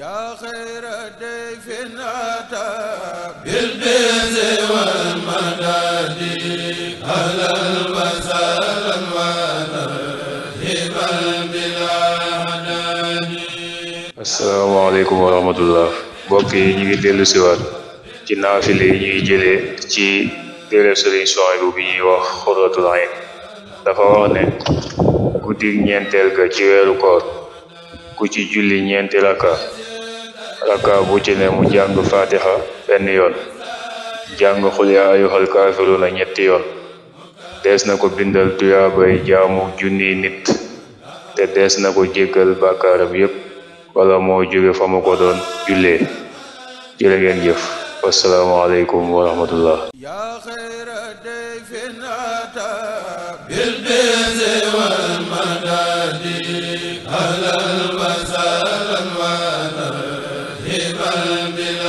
yaa xayra dayfin ataa bil bizi wal madadi ahlan wa sahlan wa tarhiban bila adadi asalaamaaleykum wa rahmatullah mbokk yi ñu ngi dellu siwaat ci naafile yi ñuy jëlee ci téere Sëriñ Suhaybu bi ñuy wax Xurratul Ayn dafa wax ne ñeenteel ga ci weeru koor ku ci julli ñeenti rakka rakka bu ci ne mu jàng fatiha benn yoon jàng xul yaa ayyuhal kaafiruuna ñetti yoon dees na ko bindal tuyaabay jaamu junni nit te dees na ko jéggal bàkkaaram yépp wala moo jóge fa mu ko doon jullee jërë ngeen jëf wassalaamu aleykum wa bi